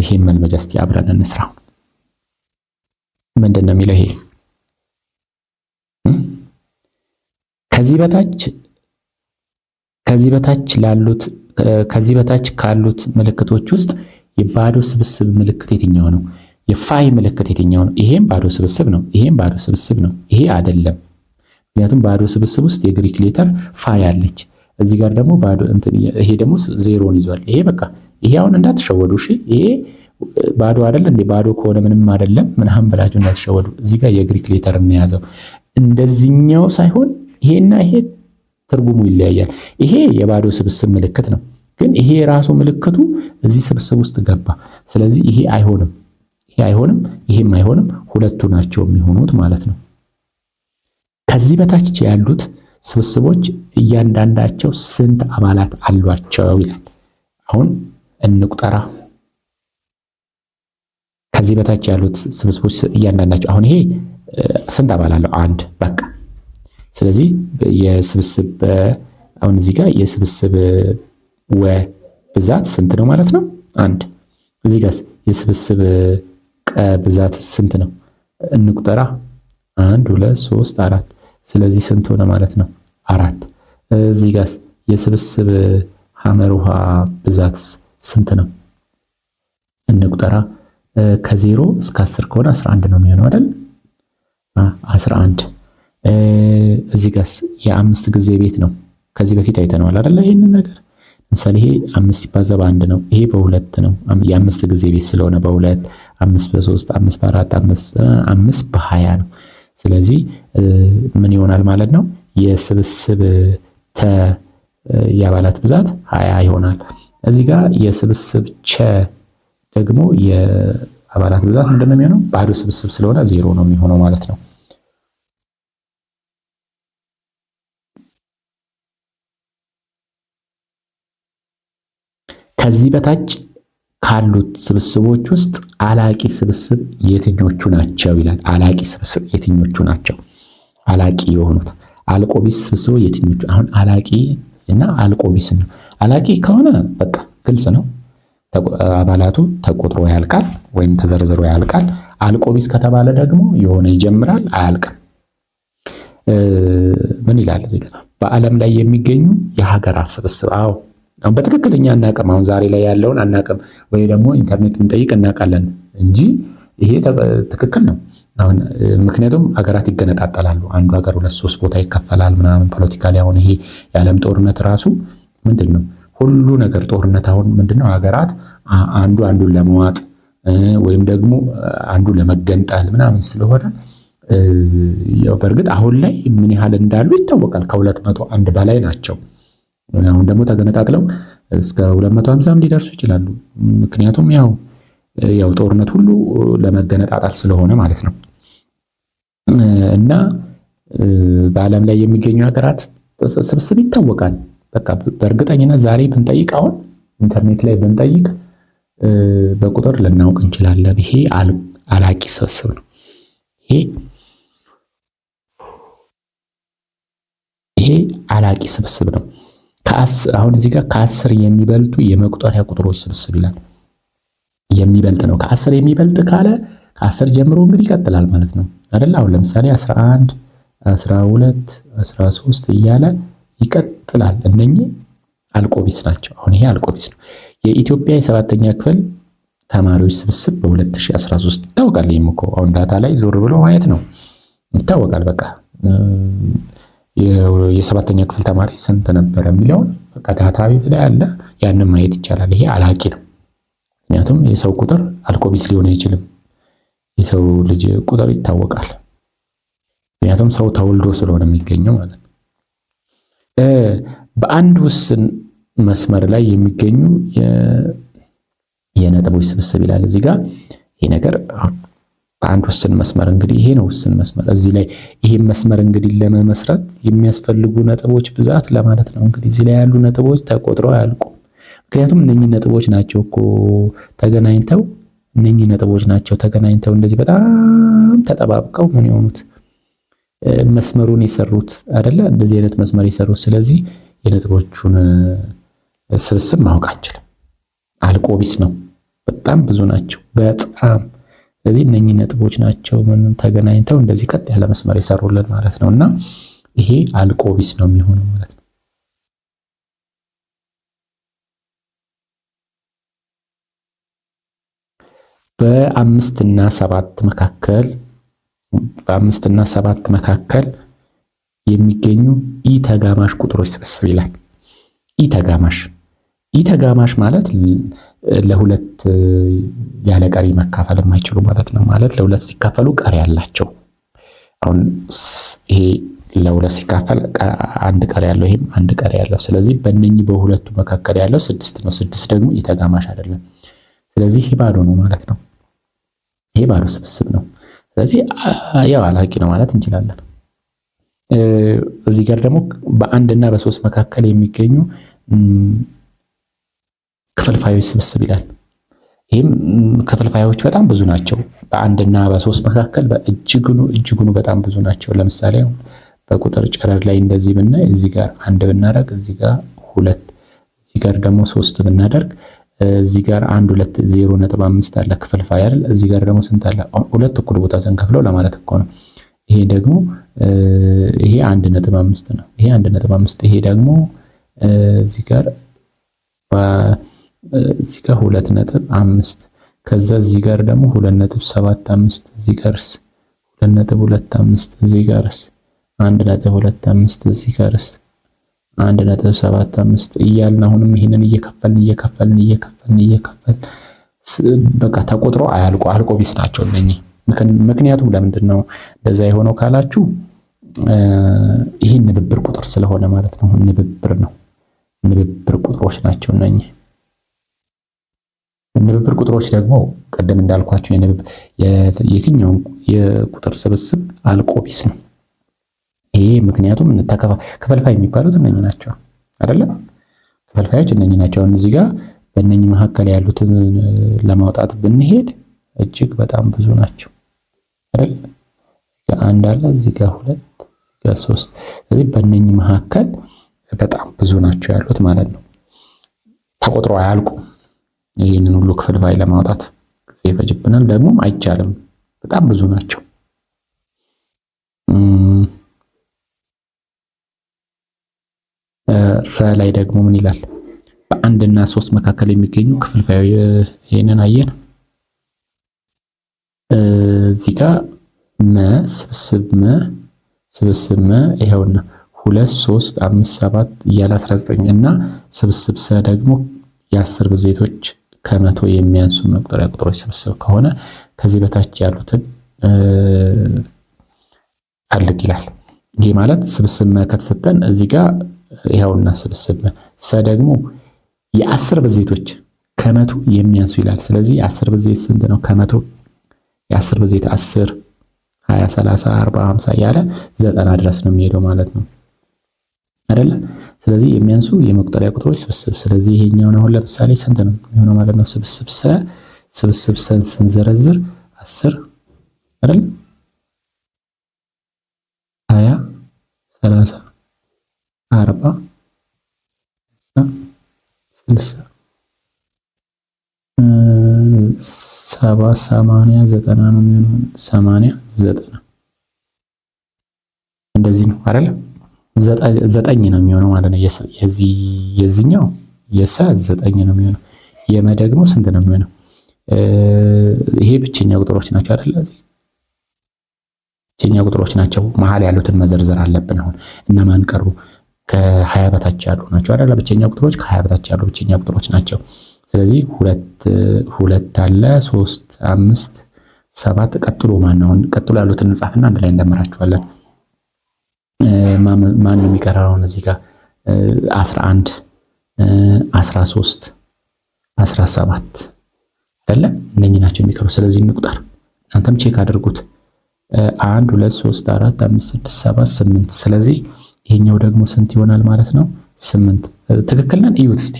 ይሄን መልመጃ እስቲ አብረን እንስራ። ምንድን ነው የሚለው? ይሄ ከዚህ በታች ከዚህ በታች ላሉት ከዚህ በታች ካሉት ምልክቶች ውስጥ የባዶ ስብስብ ምልክት የትኛው ነው? የፋይ ምልክት የትኛው ነው? ይሄም ባዶ ስብስብ ነው። ይሄም ባዶ ስብስብ ነው። ይሄ አይደለም። ምክንያቱም ባዶ ስብስብ ውስጥ የግሪክ ሌተር ፋይ አለች። እዚህ ጋር ደግሞ ባዶ እንትን ይሄ ደግሞ ዜሮን ይዟል። ይሄ በቃ ይሄ አሁን እንዳትሸወዱ እሺ። ይሄ ባዶ አይደለም እንዴ? ባዶ ከሆነ ምንም አይደለም ምናምን ብላችሁ እንዳትሸወዱ። እዚህ ጋር የግሪክ ሌተር እናያዘው እንደዚህኛው ሳይሆን ይሄና ይሄ ትርጉሙ ይለያያል። ይሄ የባዶ ስብስብ ምልክት ነው፣ ግን ይሄ ራሱ ምልክቱ እዚህ ስብስብ ውስጥ ገባ። ስለዚህ ይሄ አይሆንም፣ ይሄ አይሆንም፣ ይሄም አይሆንም። ሁለቱ ናቸው የሚሆኑት ማለት ነው። ከዚህ በታች ያሉት ስብስቦች እያንዳንዳቸው ስንት አባላት አሏቸው ይላል አሁን እንቁጠራ። ከዚህ በታች ያሉት ስብስቦች እያንዳንዳቸው አሁን ይሄ ስንት አባል አለው? አንድ በቃ። ስለዚህ የስብስብ አሁን እዚህ ጋር የስብስብ ወ ብዛት ስንት ነው ማለት ነው? አንድ። እዚህ ጋር የስብስብ ቀ ብዛት ስንት ነው? እንቁጠራ። አንድ፣ ሁለት፣ ሶስት፣ አራት። ስለዚህ ስንት ሆነ ማለት ነው? አራት። እዚህ ጋር የስብስብ ሐመር ውሃ ብዛትስ ስንት ነው? እንቁጠራ። ከዜሮ እስከ 10 ከሆነ 11 ነው የሚሆነው አይደል? 11 እዚህ ጋርስ የአምስት ጊዜ ቤት ነው። ከዚህ በፊት አይተነዋል አይደል? ይሄንን ነገር ለምሳሌ ይሄ አምስት ሲባዛ በአንድ ነው። ይሄ በሁለት ነው። የአምስት ጊዜ ቤት ስለሆነ በሁለት አምስት በሶስት አምስት በአራት አምስት በሀያ ነው። ስለዚህ ምን ይሆናል ማለት ነው የስብስብ ተ የአባላት ብዛት ሀያ ይሆናል። እዚህ ጋር የስብስብ ቸ ደግሞ የአባላት ብዛት ምንድን ነው የሚሆነው? ባዶ ስብስብ ስለሆነ ዜሮ ነው የሚሆነው ማለት ነው። ከዚህ በታች ካሉት ስብስቦች ውስጥ አላቂ ስብስብ የትኞቹ ናቸው ይላል። አላቂ ስብስብ የትኞቹ ናቸው? አላቂ የሆኑት አልቆቢስ ስብስቦች የትኞቹ? አሁን አላቂ እና አልቆቢስ ነው አላቂ ከሆነ በቃ ግልጽ ነው፣ አባላቱ ተቆጥሮ ያልቃል ወይም ተዘርዝሮ ያልቃል። አልቆ ቢስ ከተባለ ደግሞ የሆነ ይጀምራል አያልቅም። ምን ይላል? በዓለም ላይ የሚገኙ የሀገራት ስብስብ። አዎ በትክክለኛ አናቅም። አሁን ዛሬ ላይ ያለውን አናቅም፣ ወይ ደግሞ ኢንተርኔት ብንጠይቅ እናውቃለን እንጂ ይሄ ትክክል ነው። አሁን ምክንያቱም ሀገራት ይገነጣጠላሉ። አንዱ ሀገር ሁለት ሶስት ቦታ ይከፈላል ምናምን ፖለቲካ ላይ አሁን ይሄ የዓለም ጦርነት ራሱ ምንድን ነው ሁሉ ነገር ጦርነት አሁን ምንድን ነው ሀገራት አንዱ አንዱን ለመዋጥ ወይም ደግሞ አንዱ ለመገንጠል ምናምን ስለሆነ በእርግጥ አሁን ላይ ምን ያህል እንዳሉ ይታወቃል። ከሁለት መቶ አንድ በላይ ናቸው። አሁን ደግሞ ተገነጣጥለው እስከ ሁለት መቶ ሀምሳም ሊደርሱ ይችላሉ። ምክንያቱም ያው ያው ጦርነት ሁሉ ለመገነጣጣል ስለሆነ ማለት ነው እና በዓለም ላይ የሚገኙ ሀገራት ስብስብ ይታወቃል። በቃ በእርግጠኝነት ዛሬ ብንጠይቅ አሁን ኢንተርኔት ላይ ብንጠይቅ በቁጥር ልናውቅ እንችላለን። ይሄ አላቂ ስብስብ ነው። ይሄ ይሄ አላቂ ስብስብ ነው። አሁን እዚህ ጋር ከአስር የሚበልጡ የመቁጠሪያ ቁጥሮች ስብስብ ይላል። የሚበልጥ ነው። ከአስር የሚበልጥ ካለ ከአስር ጀምሮ እንግዲህ ይቀጥላል ማለት ነው አይደል? አሁን ለምሳሌ አስራ አንድ አስራ ሁለት አስራ ሶስት እያለ ይቀጥላል። እነኚህ አልቆቢስ ናቸው። አሁን ይሄ አልቆቢስ ነው። የኢትዮጵያ የሰባተኛ ክፍል ተማሪዎች ስብስብ በ2013 ይታወቃል። ይህም እኮ አሁን ዳታ ላይ ዞር ብሎ ማየት ነው ይታወቃል። በቃ የሰባተኛ ክፍል ተማሪ ስንት ነበረ የሚለውን በቃ ዳታ ቤዝ ላይ አለ። ያንን ማየት ይቻላል። ይሄ አላቂ ነው። ምክንያቱም የሰው ቁጥር አልቆቢስ ሊሆን አይችልም። የሰው ልጅ ቁጥር ይታወቃል። ምክንያቱም ሰው ተወልዶ ስለሆነ የሚገኘው ማለት ነው። በአንድ ውስን መስመር ላይ የሚገኙ የነጥቦች ስብስብ ይላል እዚህ ጋር ይሄ ነገር በአንድ ውስን መስመር እንግዲህ ይሄ ነው ውስን መስመር። እዚህ ላይ ይሄን መስመር እንግዲህ ለመመስረት የሚያስፈልጉ ነጥቦች ብዛት ለማለት ነው። እንግዲህ እዚህ ላይ ያሉ ነጥቦች ተቆጥረው አያልቁም። ምክንያቱም እነኚህ ነጥቦች ናቸው እኮ ተገናኝተው እነኚህ ነጥቦች ናቸው ተገናኝተው እንደዚህ በጣም ተጠባብቀው ምን የሆኑት መስመሩን የሰሩት አይደለ? እንደዚህ አይነት መስመር የሰሩት ስለዚህ የነጥቦቹን ስብስብ ማወቅ አንችልም። አልቆቢስ ነው። በጣም ብዙ ናቸው። በጣም ስለዚህ እነኚህ ነጥቦች ናቸው ምን ተገናኝተው እንደዚህ ቀጥ ያለ መስመር የሰሩልን ማለት ነው። እና ይሄ አልቆቢስ ነው የሚሆነው ማለት ነው። በአምስት እና ሰባት መካከል በአምስት እና ሰባት መካከል የሚገኙ ኢ ተጋማሽ ቁጥሮች ስብስብ ይላል። ኢ ተጋማሽ ኢ ተጋማሽ ማለት ለሁለት ያለ ቀሪ መካፈል የማይችሉ ማለት ነው። ማለት ለሁለት ሲካፈሉ ቀሪ ያላቸው። አሁን ይሄ ለሁለት ሲካፈል አንድ ቀሪ ያለው፣ ይሄም አንድ ቀሪ ያለው። ስለዚህ በእነኚህ በሁለቱ መካከል ያለው ስድስት ነው። ስድስት ደግሞ ኢ ተጋማሽ አይደለም። ስለዚህ ይሄ ባዶ ነው ማለት ነው። ይሄ ባዶ ስብስብ ነው። ስለዚህ ያው አላቂ ነው ማለት እንችላለን። እዚህ ጋር ደግሞ በአንድ እና በሶስት መካከል የሚገኙ ክፍልፋዮች ስብስብ ይላል። ይህም ክፍልፋዮች በጣም ብዙ ናቸው። በአንድ እና በሶስት መካከል እጅጉኑ እጅጉኑ በጣም ብዙ ናቸው። ለምሳሌ በቁጥር ጨረር ላይ እንደዚህ ብናይ እዚህ ጋር አንድ ብናደርግ እዚህ ጋር ሁለት እዚህ ጋር ደግሞ ሶስት ብናደርግ እዚህ ጋር አንድ ሁለት ዜሮ ነጥብ አምስት አለ ክፍልፋይ አይደል? እዚህ ጋር ደግሞ ስንት አለ? ሁለት እኩል ቦታ ስንከፍለው ለማለት እኮ ነው። ይሄ ደግሞ ይሄ አንድ ነጥብ አምስት ነው። ይሄ አንድ ነጥብ አምስት ይሄ ደግሞ እዚህ ጋር እዚህ ጋር ሁለት ነጥብ አምስት ከዛ እዚህ ጋር ደግሞ ሁለት ነጥብ ሰባት አምስት እዚህ ጋርስ ሁለት ነጥብ ሁለት አምስት እዚህ ጋርስ አንድ ነጥብ ሁለት አምስት እዚህ ጋርስ አንድ ነጥብ ሰባት አምስት እያልን አሁንም ይህንን እየከፈልን እየከፈልን እየከፈልን እየከፈልን በቃ ተቆጥሮ አያልቆ አልቆ ቢስ ናቸው እነኚህ። ምክንያቱም ለምንድን ነው እንደዛ የሆነው ካላችሁ ይህ ንብብር ቁጥር ስለሆነ ማለት ነው። ንብብር ነው፣ ንብብር ቁጥሮች ናቸው እነኚህ። ንብብር ቁጥሮች ደግሞ ቀደም እንዳልኳቸው የትኛውን የቁጥር ስብስብ አልቆ ቢስ ነው። ይሄ ምክንያቱም ክፈልፋይ የሚባሉት እነኚህ ናቸው አይደለም? ክፈልፋዮች እነኚህ ናቸው። እዚህ ጋር በእነኚህ መካከል ያሉትን ለማውጣት ብንሄድ እጅግ በጣም ብዙ ናቸው አይደል? እዚህ ጋር አንድ አለ፣ እዚህ ጋር ሁለት፣ እዚህ ጋር ሶስት። ስለዚህ በእነኚህ መካከል በጣም ብዙ ናቸው ያሉት ማለት ነው። ተቆጥሮ አያልቁም። ይህንን ሁሉ ክፍልፋይ ለማውጣት ጊዜ ይፈጅብናል፣ ደግሞም አይቻልም። በጣም ብዙ ናቸው። መጨረሻ ላይ ደግሞ ምን ይላል? በአንድ እና ሶስት መካከል የሚገኙ ክፍልፋዮች ይሄንን አየን። እዚህ ጋር መ ስብስብ መ ስብስብ መ ይሄውና ሁለት ሶስት አምስት ሰባት እያለ 19 እና ስብስብ ሰ ደግሞ የአስር ብዜቶች ከመቶ የሚያንሱ መቁጠሪያ ቁጥሮች ስብስብ ከሆነ ከዚህ በታች ያሉትን ፈልግ ይላል። ይህ ማለት ስብስብ መ ከተሰጠን እዚህ ጋር ይኸውና ስብስብ ነው። ሰ ደግሞ የአስር ብዜቶች ከመቶ የሚያንሱ ይላል። ስለዚህ የአስር ብዜት ስንት ነው? ከመቶ የአስር ብዜት አስር፣ ሀያ፣ ሰላሳ፣ አርባ፣ ሀምሳ እያለ ዘጠና ድረስ ነው የሚሄደው ማለት ነው አይደለ? ስለዚህ የሚያንሱ የመቁጠሪያ ቁጥሮች ስብስብ። ስለዚህ ይሄኛውን አሁን ለምሳሌ ስንት ነው የሚሆነው ማለት ነው? ስብስብ ሰ ስብስብ ሰን ስንዘረዝር አስር አይደል? ሀያ፣ ሰላሳ አርባ ስልሳ ሰባ ሰማንያ ዘጠና ነው የሚሆነው። ሰማንያ ዘጠና እንደዚህ ነው አይደል? ዘጠኝ ነው የሚሆነው ማለት ነው። የዚህ የዚህኛው የሰ ዘጠኝ ነው የሚሆነው። የመ ደግሞ ስንት ነው የሚሆነው? ይሄ ብቸኛ ቁጥሮች ናቸው አይደል? እዚህ ብቸኛ ቁጥሮች ናቸው። መሀል ያሉትን መዘርዘር አለብን። አሁን እነማን ቀሩ? ከሀያ በታች ያሉ ናቸው አይደል? ብቸኛ ቁጥሮች ከሀያ በታች ያሉ ብቸኛ ቁጥሮች ናቸው። ስለዚህ ሁለት ሁለት አለ ሶስት፣ አምስት፣ ሰባት ቀጥሎ ማን ቀጥሎ ያሉትን እንጻፍና አንድ ላይ እንደምራቸዋለን። ማን ነው የሚቀራውን እዚህ ጋር አስራ አንድ አስራ ሶስት አስራ ሰባት አይደለ? እነኚህ ናቸው የሚቀሩ። ስለዚህ እንቁጠር። እናንተም ቼክ አድርጉት። አንድ ሁለት ሶስት አራት አምስት ስድስት ሰባት ስምንት ስለዚህ ይሄኛው ደግሞ ስንት ይሆናል ማለት ነው? ስምንት ትክክል ነን? እዩት እስቲ